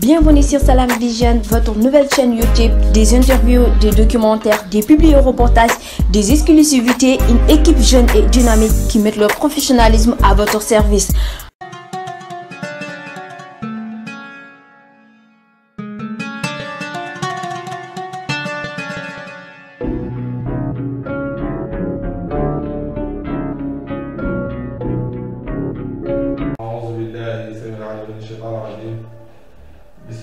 Bienvenue sur salaam Vision, votre nouvelle chaîne YouTube, des interviews, des documentaires, des publi-reportages, des exclusivités, une équipe jeune et dynamique qui met leur professionnalisme à votre service.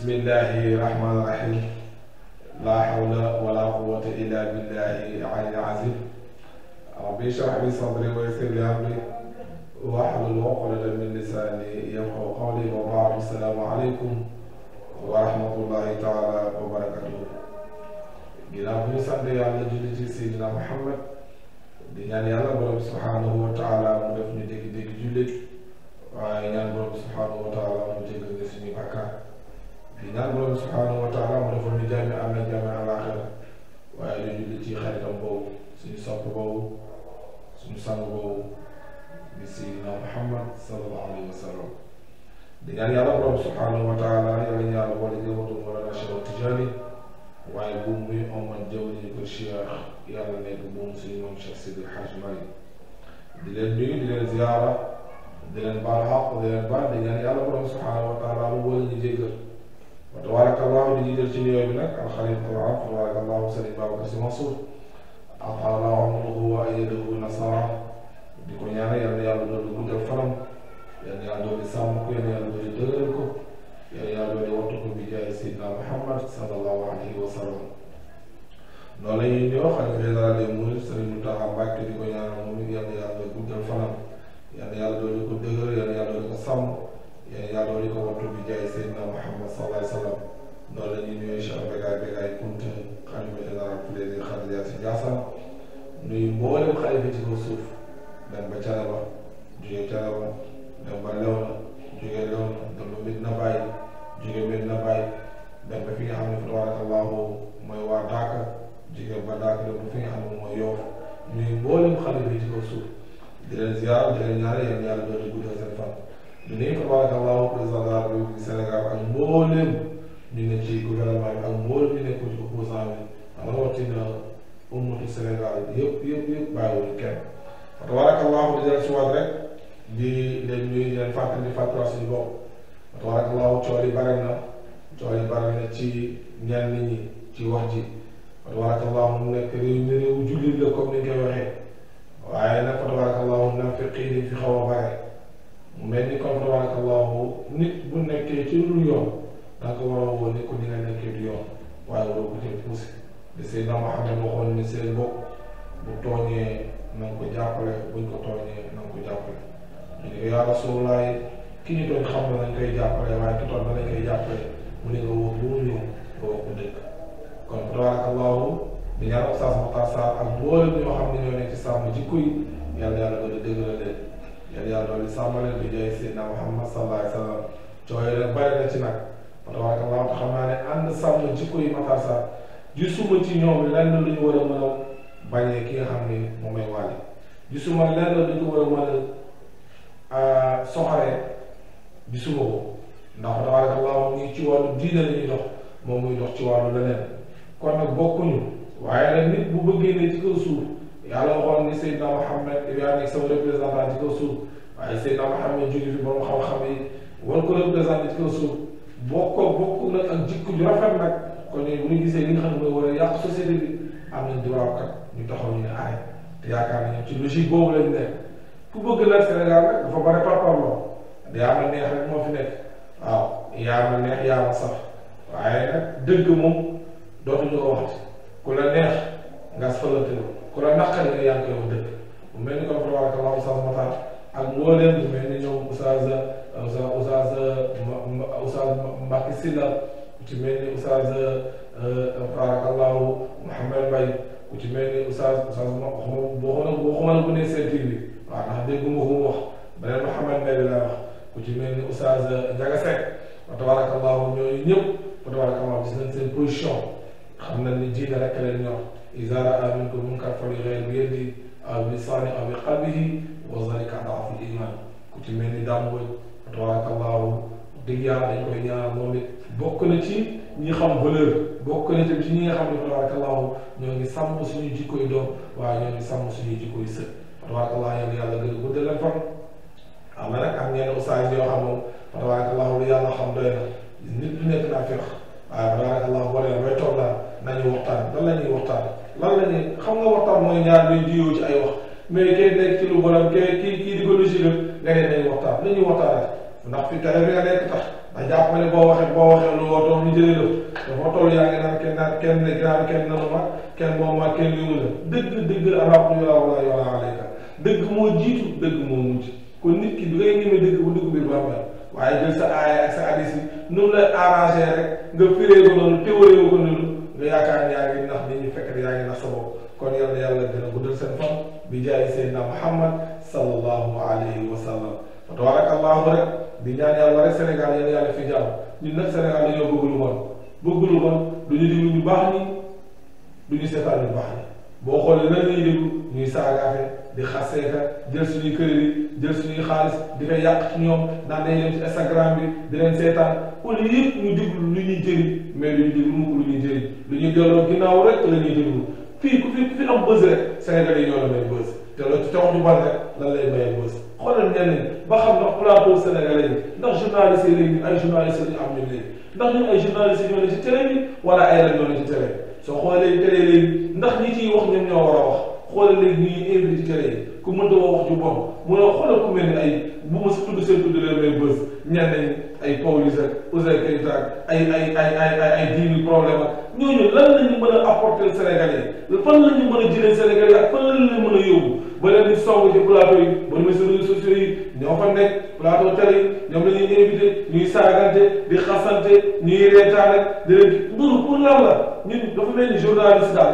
bismillahi rahmaani rahim laa hawla wala quwwata illa billahi alil azim rabbi shrah li sadri wa yassir li amri wahlul uqdatan min lisani yafqahu qawli wa ba'du assalaamu aleykum wa rahmatullahi taala wa barakatuh ginnaaw bu ñu sant yàlla julli ci seydina Muhammad di ñaan yàlla borom subhaanahu wa taala mu def ñu dégg-dégg jullit waaye ñaan borom subhaanahu wa taala mu jéggal ñu suñu bàkkaar di ñaan borom subhaanahu wa taala mu defoon ñu jàmm am na jàmm alaaxira waaye ñu julli ci xaritam boobu suñu sopp boobu suñu sang boobu di Seydina Muhammad sallallahu alayhi wa sallam di ñaan yàlla borom subhaanahu wa taala yàlla ñu yàlla boole jëmatu Mawlana Cheikh Tijani waaye bu muy oman jëw ñu ko Cheikh yàlla nekk bu mu suñu moom Cheikh Sidi Hadj Malick di leen nuyu di leen ziyaara di leen baal xaq di leen baal di ñaan yàlla borom subhaanahu wa taala mu boole ñu jéggal wa tabarakallahu di jiital ci nuyoo bi nag alxalif quran tabarakallahu sëriñ Babacar Si Mansour ataala amruhu wa ayyadahu nasara di ko ñaanal yal na di guddal fanam yal na yàlla doon di sàmm ko yal na ko yal na yàlla doon ko bi jaay Seydina Muhammad sallallahu alayhi wa sallam noonu la ñuy ñëw xalifa général des mourides sëriñ Mountakha Mbacké di ko ñaanal moom it yal na yàlla yàlla war ko wattu bi jaay Muhammad sallallahu alayhi wa sallam noonu la ñuy nuyoo Cheikh Begaay Begaay Kunta xalifa général bu leen xalifa yaa si Ndiassane nuyu mboolem xalifa ci ko suuf dem ba Thiénaba jóge Thiénaba dem ba Léona jóge Léona dem ba Medina Baye jóge Medina Baye dem ba fi nga xam ne fa tabarakallahu mooy waa Daaka jóge ba Daaka dem ba fi nga xam ne mooy Yoff nuyu mboolem xalifa ci ko suuf di leen ziar di leen ñu ne tabarakallahu président de la République du Sénégal ak mbooleem ñu ne ci gouvernement bi ak mbooleem ñu nekkoon ci opposant bi rawatina ummatu Sénégal yëpp yëpp yëpp bàyyiwuñ kenn tabarakallahu di leen suwaat rek di leen ñuy leen fàttali fàttaliwaat suñu bopp tabarakallahu coow yi bare na coow yi bare ci ñenn ñi ci wax ji tabarakallahu mu nekk réew mi réewu jullit la comme ni ñu koy waxee waaye nag tabarakallahu nafiq yi dañ fi mu mel ni comme tabarakallahu bu nekkee ci lu yoon danga ko war a woo ni ko ni nga nekkee du yoon waaye waroo ko cee poussé di Seydina Muhammad waxoon ni bu tooñee na nga ko jàppale buñ ko tooñee na nga ko jàppale ñu ne yaa Rasulullah ki ñu doon xam ne nañ koy jàppale waaye ki toon nga woo bu mu ñëw nga wax ko dëgg kon tabarakallahu di ñaan Oustaz Makhtar Sarr ak mboolem ñoo xam ne ñoo nekk ci sàmm jikko yi yàlla yàlla gën a dëgëral yéen yàlla doon di sàmm leen Muhammad sallallahu sallam cooy leen bëri na ci nag ma tabaraka Allah te xam naa ne ànd sàmm ci kuy Matar Sarr gisuma ci ñoom lenn war a mën bañee ki nga xam ne moom mooy Wally gisuma lenn lu ñu war a mën a soxaree gisuma ko ndax tabaraka Allah mu ci wàllu diine la ñuy dox moom muy dox ci wàllu leneen kon nag bokkuñu waaye nag nit bu bëggee ne ci kaw suuf. yàlla waxoon ni Seydina Mouhamed yaa nekk sama représentant ci kaw suuf waaye Seydina Mouhamed jóge fi borom xam-xam yi war ko représenté ci kaw suuf bokk ko bokk na ak jikko ju rafet nag kon ñu ngi gisee li nga xam ne war a yàq société bi am nañ droit kat ñu taxaw ñu ne aay ah, te yaakaar nañu ci logique boobu lañ nekk ku bëgg nag Sénégal nag dafa bari parparloo yaa ma neex rek moo fi nekk waaw yaa ma neex yaa ma saf waaye nag dëgg moom dootuñu ko waxti ku la neex nga solante ku la naqari nga yaa ngi koy wax dëgg mu mel ni comme tabaraka ak mbooleem mu mel ni ñoom oustaz oustaz ku ci mel ni oustaz tabaraka allah ku ci mel ni oustaz oustaz boo ku ne seen TV bi waaw ndax dégg nga ko wax beneen Mouhamed ku ci mel ni oustaz Ndiaga Seck wa tabaraka allah ñooñu ñëpp wa tabaraka xam nañ ne diine rek leen ñor iza raa minkum munkar falyughayyirhu bi yadihi aw bi aw bi qalbihi wa zalika ad'aful iimaan ku ci mel ni Dame Mbodj tabaarakallaahu dëgg yàlla dañ koy ñaanal moom bokk na ci ñi xam valeur bokk na ci ñi nga xam ne tabaarakallaahu ñoo ngi sàmm suñu jikkoy doom waaye ñoo ngi sàmm suñu jikkoy sët tabaarakallaahu yàlla yàlla gën a guddal leen fan am na nag am ñenn ustaas yoo xam moom tabaarakallaahu lu yàlla xam doy na nit du nekk naa feex waaye tabaarakallaahu boo demee bay toog laa nañu waxtaan lan la ñuy waxtaan lan la ñuy xam nga waxtaan mooy ñaar luy jiyoo ci ay wax mais kay nekk ci lu bonam kay kii kii di ko logique nga ne nañu waxtaan nañu waxtaan ndax fi télé bi nga nekk tax ndax jàpp ne boo waxee boo waxee lu war doon ñu jëlee la dafa toll yaa ngi naan kenn naan kenn ne ginaar kenn nanu ma kenn boo ma kenn yëngu la dëgg dëgg alaku ñu la wala yola alayka dëgg moo jiitu dëgg moo mujj kon nit ki bi ngay ñemee dëgg bu dugg biir bàmmeel waaye jël sa aaya ak sa hadis yi nu mu la arrangé rek nga firee ko noonu téwéyoo ko noonu lu yaakaar yaa ngi nax nit ñi fekk yaa ngi nax sa bopp kon yal na yàlla gën a guddal seen bi jaay Seydina Muhammad sallallahu alayhi wa sallam fa tabarakallahu rek di ñaan yàlla rek Sénégal yal na fi jàmm ñun nag Sénégal dañoo bëgg lu bon bëgg lu bon du ñu déglu ñu baax ñi du ñu seetaan ñu baax ñi boo xoolee lan la ñuy déglu ñuy saagaate di xasee ka jël suñuy kër yi jël suñuy xaalis di ko yàq ci ñoom naan dañuy dem ci Instagram bi di leen seetaan au lieu yëpp ñu déglu lu ñuy jëriñ mais lu ñu déglu mukk lu ñuy jëriñ lu ñuy delloo ginnaaw rek la ñuy déglu fii ku fi ku fi am bës rek Sénégal yi ñoo la may bës te loolu ci taxaw ñu ban rek lan lay may bës xoolal ñeneen ba xam ndax plateau sénégalais yi ndax journaliste yi léegi ay journaliste am ñu léegi ndax ñun ay journaliste ñoo ne ci télé bi wala ay rajo ñoo ne ci télé bi soo xoolee ndax ñi ciy wax ñoom ñoo a xoolal léegi ñu ngi invité ci télé yi ku mënta woo wax ju bon mu ne xoolal ku mel ni ay bu ma si tudd seen tudd leen may bës ñenn nañ ay Pawlish ak Ouzin Keita ak ay ay ay ay ay ay diini problème ak ñooñu lan la ñu mën a apporter Sénégalais fan la ñu mën a jëlee Sénégalais ak fan la ñu mën a yóbbu ba leen di song ci plateau yi ba ñu si réseaux sociaux yi ñoo fa nekk plateau télé yi ñoom la ñuy invité ñuy saagante di xasante ñuy reetaan ak di leen loolu pour lan la ñun dafa mel ni journaliste daal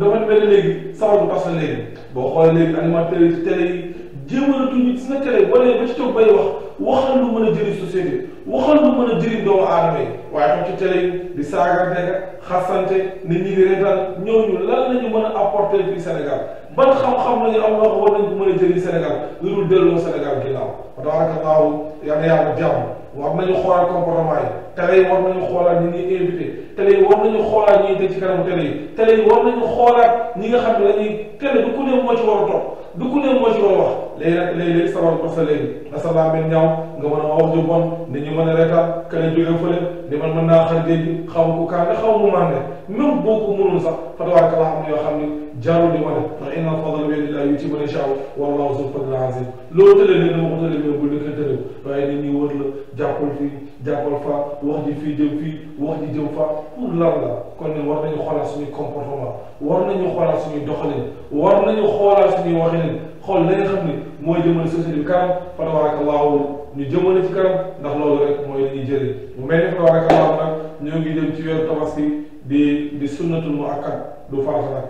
dafa mel ni léegi saxatu parce que léegi boo xoolee léegi animateurs yi ci télé yi. jéemalatuñu gis nga tere boo nee ba ci toog bay wax waxal lu mën a jëriñ société waxal lu mën a jëriñ doomu aadama yi waaye tam ci tere yi di saagante ak xasante nit ñi di reetaan ñooñu lan la ñu mën a apporter fii Sénégal ban xam-xam la ñu am loo war nañ ko mën a jëriñ Sénégal lu dul delloo Sénégal ginnaaw wa tabarakallaahu yàlla yàlla jàmm war nañu xoolaat comportement tere yi war nañu xoolaat ñi ñuy invité télé yi war nañu xoolaat ñuy dëj ci kanamu télé yi télé yi war nañu xoolaat ñi nga xam ne dañuy télé du ku ne moo ci war a toog du ku ne moo ci war a wax léegi nag léegi-léegi sabab parce que léegi na sabab bi ñaaw nga mën a wax ju bon nit ñi mën a reetal kene jóge fële ni man mën naa xar déegi xaw ko kaane xaw mu mànde même boo ko mënul sax fatawaak la xam ne yoo xam ni jaarul di wane ndax inna al-fadla bi yadi llahi yu'tihi man yasha'u wallahu zul fadli al-azim loolu télé ne dama ko télé bu nekk télé waaye nit ñi wër la jàppul fii jàppal fa wax ji fii jëm fii wax ji jëm fa pour lan la kon ne war nañu xoolaat suñuy comportement war nañu xoolaat suñuy doxalin war nañu xoolaat suñuy waxalin xool la xam ne mooy jëmale société bi kanam fa tabaarakallaahu ñu jëmale ci kanam ndax loolu rek mooy li ñuy jëriñ mu mel ne fa tabaarakallaahu nag ñoo ngi dem ci weeru tabaski di di sunnatul mu akkat du farata nag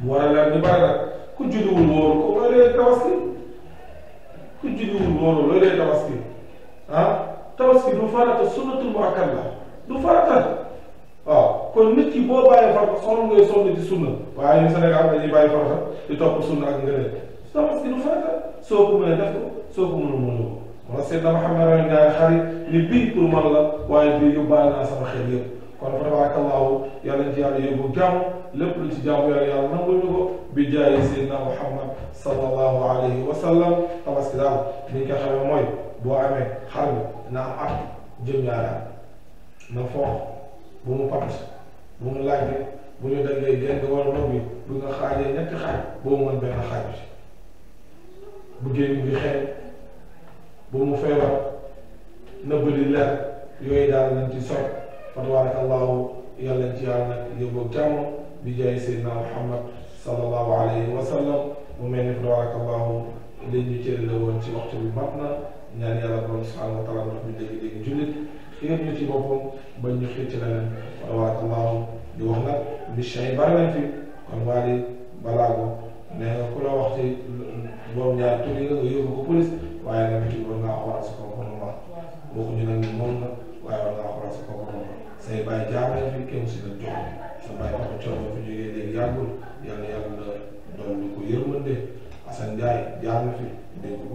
mu war a leer ñu bari nag ku julliwul wóoru ko loolee tabaski ku julliwul wóoru loolee tabaski ah tabaski du farata sunnatul muakkad la du farata waaw kon nit ki boo bàyyi farata sonn ngay sonn di sunna waaye ñun Sénégal dañuy bàyyi di topp sunna ak ngëneel tabaski du farata soo ko mënee soo ko mënul mënul ko ma seet dama xam ne ren ngaa xarit ni bii pour man la waaye bii yóbbaale naa sama xel yëpp kon fa tabaarakallaahu yàlla bi jaayi seydina Muhammad sallallahu alayhi wa sallam daal li ñu koy xamee boo amee xar bi na am at juróom na foox bu mu patt bu mu laajte bi bu nga xaajee ñetti xaaj boo mën benn xaaj bu génn bi xeeñ bu mu feebar na bëri leer yooyu daal lañ ci fa tabaraka allahu yàlla ci yàlla nag bi jaay seydina muhammad mu mel fa tabaraka allahu liñ ñu cëri la woon ci mat na ñaan yàlla borom subhanahu wa taala ñu dégg-dégg jullit xëy ñu ci boppam ba ñu xëy ci leneen waaw waaw di wax nag missions yi bari nañ fi kon waa di balaago nee nga ku la wax ci borom ñaar tur yi nga yóbbu ko police waaye nag ci war ngaa xoolal sa comportement waxuñu nag moom na waaye war ngaa xoolal sa comportement say bàyyi jaar nañ fi kenn si la jox sa bàyyi ko coono fi jógee léegi yàggul yàlla yàlla doon di ko yërmande Assane Ndiaye jaar na fi dégg ko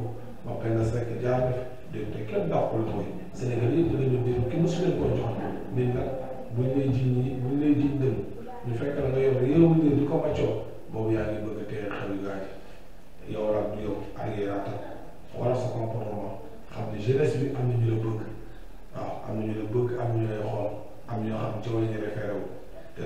moom xëy na Seck jaar na fi dégg nga kenn dàqul mooy Sénégal yëpp dinañu dégg kenn mosu leen koo jox nit nag buñ lay jiñ ñi buñ lay jiñ dem ñu fekk la nga yor réew mi di ko wàccoo boobu yaa ngi bëgg a téye xel yu gaañ yow la du yow arrière wala sa comportement xam ne jeunesse bi am na ñu la bëgg waaw am na ñu la bëgg am na ñu lay xool am ñoo xam ci wàllu ñu référé wu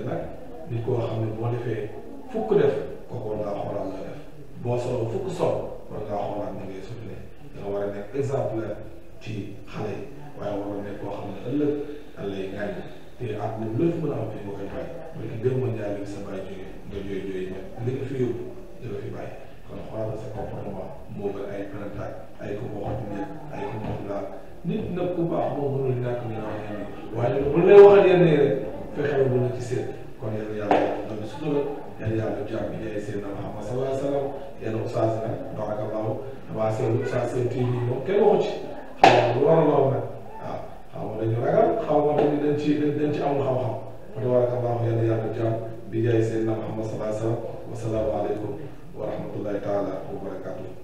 ko nag nit koo xam ne boo defee fukk def kooku war ngaa xoolaat nga def boo solo fukk sol war ngaa xoolaat nga ngay dafa war a nekk exemple ci xale yi waaye war a nekk koo xam ne ëllëg dañ lay gaañ te at mi lépp mën a am fi nga koy bàyyi parce que démb njaay bi sa bàyyi jógee nga jooy jooy ñëpp li nga fi yóbbu da la fi bàyyi kon xoolal sa comportement moo gën ay parantaay ay ko waxat nit ay ko wax laa nit nag ku baax moo mënul ñàkk ñu naan yenn yi waaye bu lay waxal yenn yi rek fexe bu la ci seet kon yàlla yàlla doon sutura yàlla yàlla jàmm yaay seen na Muhammad sallallahu alayhi wa sallam yàlla oustaz nag seen saa seen tey jii moom kenn waxu ci xaw ma lu war a lool nag waaw ah, xaw ma dañu ragal xaw ma dañu dañ ci dañ ci amul xam-xam wa tabarakallahu yàlla yàlla jàmm bi jaay seen na Muhammad sallallahu alayhi wa sallam wa salaamu aleykum wa rahmatullahi taala wa barakatuh